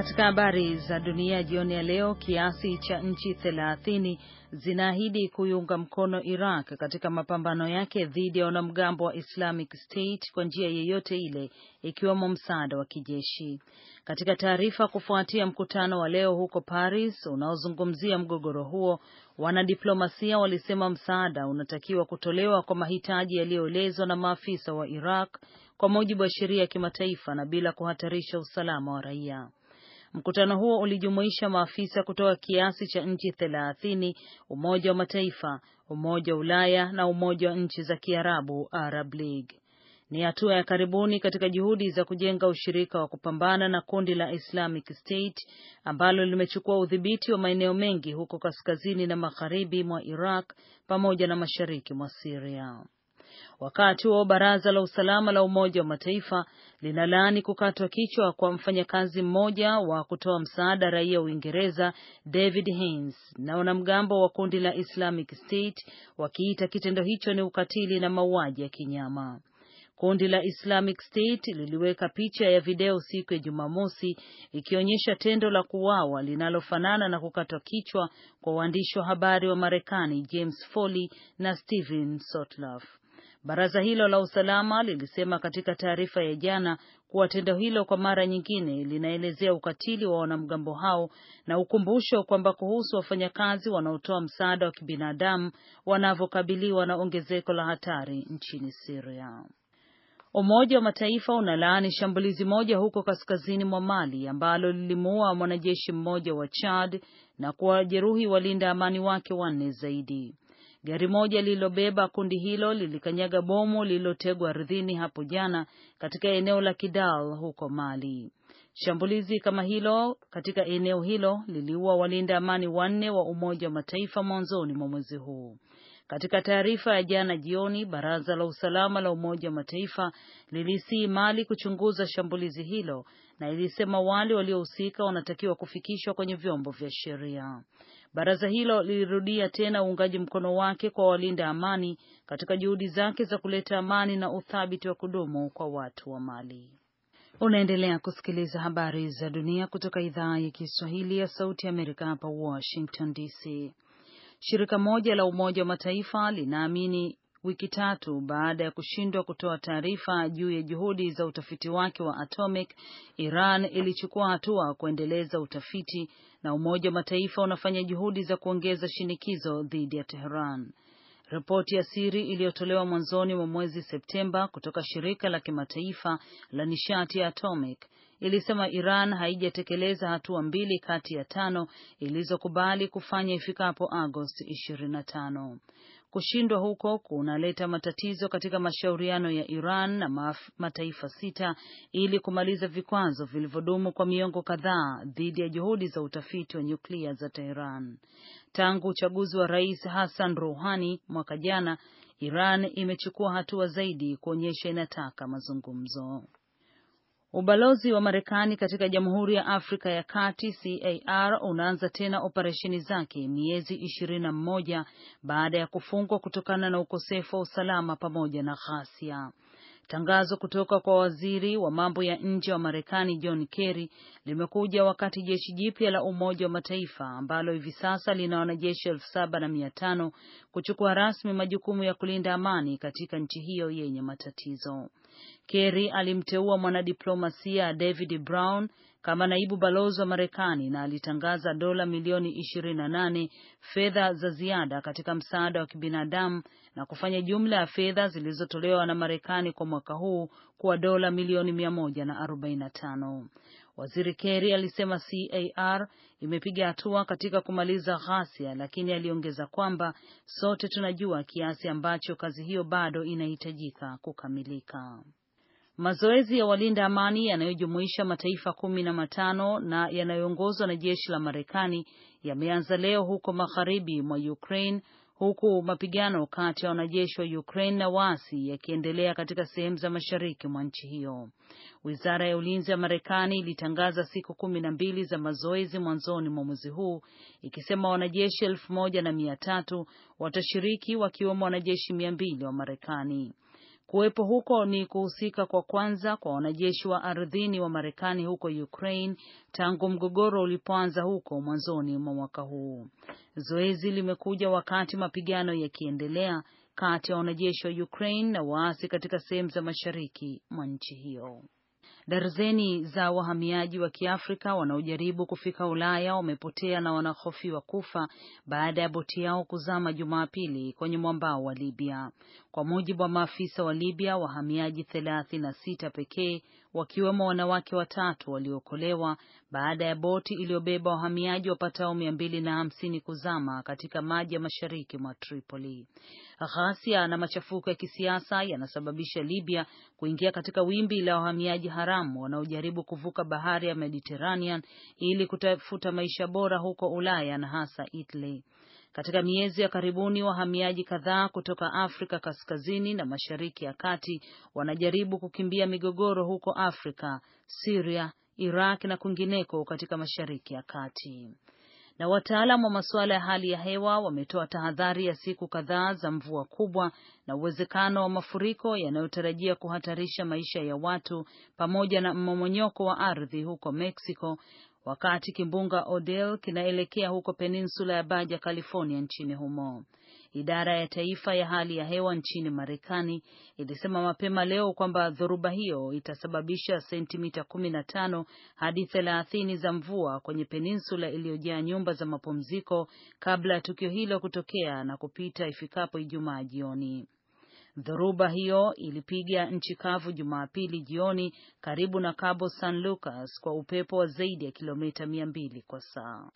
Katika habari za dunia jioni ya leo, kiasi cha nchi thelathini zinaahidi kuiunga mkono Iraq katika mapambano yake dhidi ya wanamgambo wa Islamic State kwa njia yeyote ile, ikiwemo msaada wa kijeshi. Katika taarifa kufuatia mkutano wa leo huko Paris unaozungumzia mgogoro huo, wanadiplomasia walisema msaada unatakiwa kutolewa kwa mahitaji yaliyoelezwa na maafisa wa Iraq kwa mujibu wa sheria ya kimataifa na bila kuhatarisha usalama wa raia. Mkutano huo ulijumuisha maafisa kutoka kiasi cha nchi thelathini, Umoja wa Mataifa, Umoja wa Ulaya na Umoja wa Nchi za Kiarabu, Arab League. Ni hatua ya karibuni katika juhudi za kujenga ushirika wa kupambana na kundi la Islamic State ambalo limechukua udhibiti wa maeneo mengi huko kaskazini na magharibi mwa Iraq pamoja na mashariki mwa Syria. Wakati wa baraza la usalama la Umoja wa Mataifa linalaani kukatwa kichwa kwa mfanyakazi mmoja wa kutoa msaada raia wa Uingereza David Haines na wanamgambo wa kundi la Islamic State wakiita kitendo hicho ni ukatili na mauaji ya kinyama. Kundi la Islamic State liliweka picha ya video siku ya Jumamosi ikionyesha tendo la kuuawa linalofanana na kukatwa kichwa kwa waandishi wa habari wa Marekani James Foley na Stephen Sotloff. Baraza hilo la usalama lilisema katika taarifa ya jana kuwa tendo hilo kwa mara nyingine linaelezea ukatili wa wanamgambo hao na ukumbusho kwamba kuhusu wafanyakazi wanaotoa msaada wa kibinadamu wanavyokabiliwa na ongezeko la hatari nchini Syria. Umoja wa Mataifa unalaani shambulizi moja huko kaskazini mwa Mali ambalo lilimuua mwanajeshi mmoja wa Chad na kuwajeruhi walinda amani wake wanne zaidi. Gari moja lililobeba kundi hilo lilikanyaga bomu lililotegwa ardhini hapo jana katika eneo la Kidal huko Mali. Shambulizi kama hilo katika eneo hilo liliua walinda amani wanne wa Umoja wa Mataifa mwanzoni mwa mwezi huu. Katika taarifa ya jana jioni, baraza la usalama la Umoja wa Mataifa lilisii Mali kuchunguza shambulizi hilo na ilisema wale waliohusika wanatakiwa kufikishwa kwenye vyombo vya sheria. Baraza hilo lilirudia tena uungaji mkono wake kwa walinda amani katika juhudi zake za kuleta amani na uthabiti wa kudumu kwa watu wa Mali. Unaendelea kusikiliza habari za dunia kutoka idhaa ya Kiswahili ya Sauti ya Amerika hapa Washington DC. Shirika moja la Umoja wa Mataifa linaamini wiki tatu baada ya kushindwa kutoa taarifa juu ya juhudi za utafiti wake wa atomic, Iran ilichukua hatua kuendeleza utafiti na Umoja wa Mataifa unafanya juhudi za kuongeza shinikizo dhidi ya Tehran. Ripoti ya siri iliyotolewa mwanzoni mwa mwezi Septemba kutoka shirika la kimataifa la nishati ya atomic ilisema Iran haijatekeleza hatua mbili kati ya tano ilizokubali kufanya ifikapo Agosti 25. Kushindwa huko kunaleta matatizo katika mashauriano ya Iran na mataifa sita ili kumaliza vikwazo vilivyodumu kwa miongo kadhaa dhidi ya juhudi za utafiti wa nyuklia za Tehran. Tangu uchaguzi wa Rais Hassan Rouhani mwaka jana, Iran imechukua hatua zaidi kuonyesha inataka mazungumzo. Ubalozi wa Marekani katika Jamhuri ya Afrika ya Kati CAR unaanza tena operesheni zake miezi ishirini na mmoja baada ya kufungwa kutokana na ukosefu wa usalama pamoja na ghasia. Tangazo kutoka kwa waziri wa mambo ya nje wa Marekani John Kerry limekuja wakati jeshi jipya la Umoja wa Mataifa ambalo hivi sasa lina wanajeshi elfu saba na mia tano kuchukua rasmi majukumu ya kulinda amani katika nchi hiyo yenye matatizo. Kerry alimteua mwanadiplomasia David Brown kama naibu balozi wa Marekani na alitangaza dola milioni 28 fedha za ziada katika msaada wa kibinadamu na kufanya jumla ya fedha zilizotolewa na Marekani kwa mwaka huu kuwa dola milioni 145. Waziri Kerry alisema CAR imepiga hatua katika kumaliza ghasia, lakini aliongeza kwamba sote tunajua kiasi ambacho kazi hiyo bado inahitajika kukamilika. Mazoezi ya walinda amani yanayojumuisha mataifa kumi na matano na yanayoongozwa na jeshi la Marekani yameanza leo huko magharibi mwa Ukraine huku mapigano kati ya wanajeshi wa Ukraine na waasi yakiendelea katika sehemu za mashariki mwa nchi hiyo. Wizara ya ulinzi ya Marekani ilitangaza siku kumi na mbili za mazoezi mwanzoni mwa mwezi huu ikisema wanajeshi elfu moja na mia tatu watashiriki wakiwemo wanajeshi mia mbili wa Marekani. Kuwepo huko ni kuhusika kwa kwanza kwa wanajeshi wa ardhini wa Marekani huko Ukraine tangu mgogoro ulipoanza huko mwanzoni mwa mwaka huu. Zoezi limekuja wakati mapigano yakiendelea kati ya wanajeshi wa Ukraine na waasi katika sehemu za mashariki mwa nchi hiyo. Darzeni za wahamiaji wa Kiafrika wanaojaribu kufika Ulaya wamepotea na wanahofiwa kufa baada ya boti yao kuzama Jumapili kwenye mwambao wa Libya. Kwa mujibu wa maafisa wa Libya, wahamiaji 36 pekee wakiwemo wanawake watatu waliokolewa baada ya boti iliyobeba wahamiaji wapatao mia mbili na hamsini kuzama katika maji ya mashariki mwa Tripoli. Ghasia na machafuko ya kisiasa yanasababisha Libya kuingia katika wimbi la wahamiaji haramu wanaojaribu kuvuka bahari ya Mediterranean ili kutafuta maisha bora huko Ulaya na hasa Italy. Katika miezi ya karibuni, wahamiaji kadhaa kutoka Afrika Kaskazini na Mashariki ya Kati wanajaribu kukimbia migogoro huko Afrika, siria Iraq na kwingineko katika Mashariki ya Kati. Na wataalamu wa masuala ya hali ya hewa wametoa tahadhari ya siku kadhaa za mvua kubwa na uwezekano wa mafuriko yanayotarajia kuhatarisha maisha ya watu pamoja na mmomonyoko wa ardhi huko Mexico, wakati kimbunga Odell kinaelekea huko peninsula ya Baja California nchini humo. Idara ya taifa ya hali ya hewa nchini Marekani ilisema mapema leo kwamba dhoruba hiyo itasababisha sentimita 15 hadi 30 za mvua kwenye peninsula iliyojaa nyumba za mapumziko kabla ya tukio hilo kutokea na kupita ifikapo Ijumaa jioni. Dhoruba hiyo ilipiga nchi kavu Jumapili jioni karibu na Cabo San Lucas kwa upepo wa zaidi ya kilomita mia mbili kwa saa.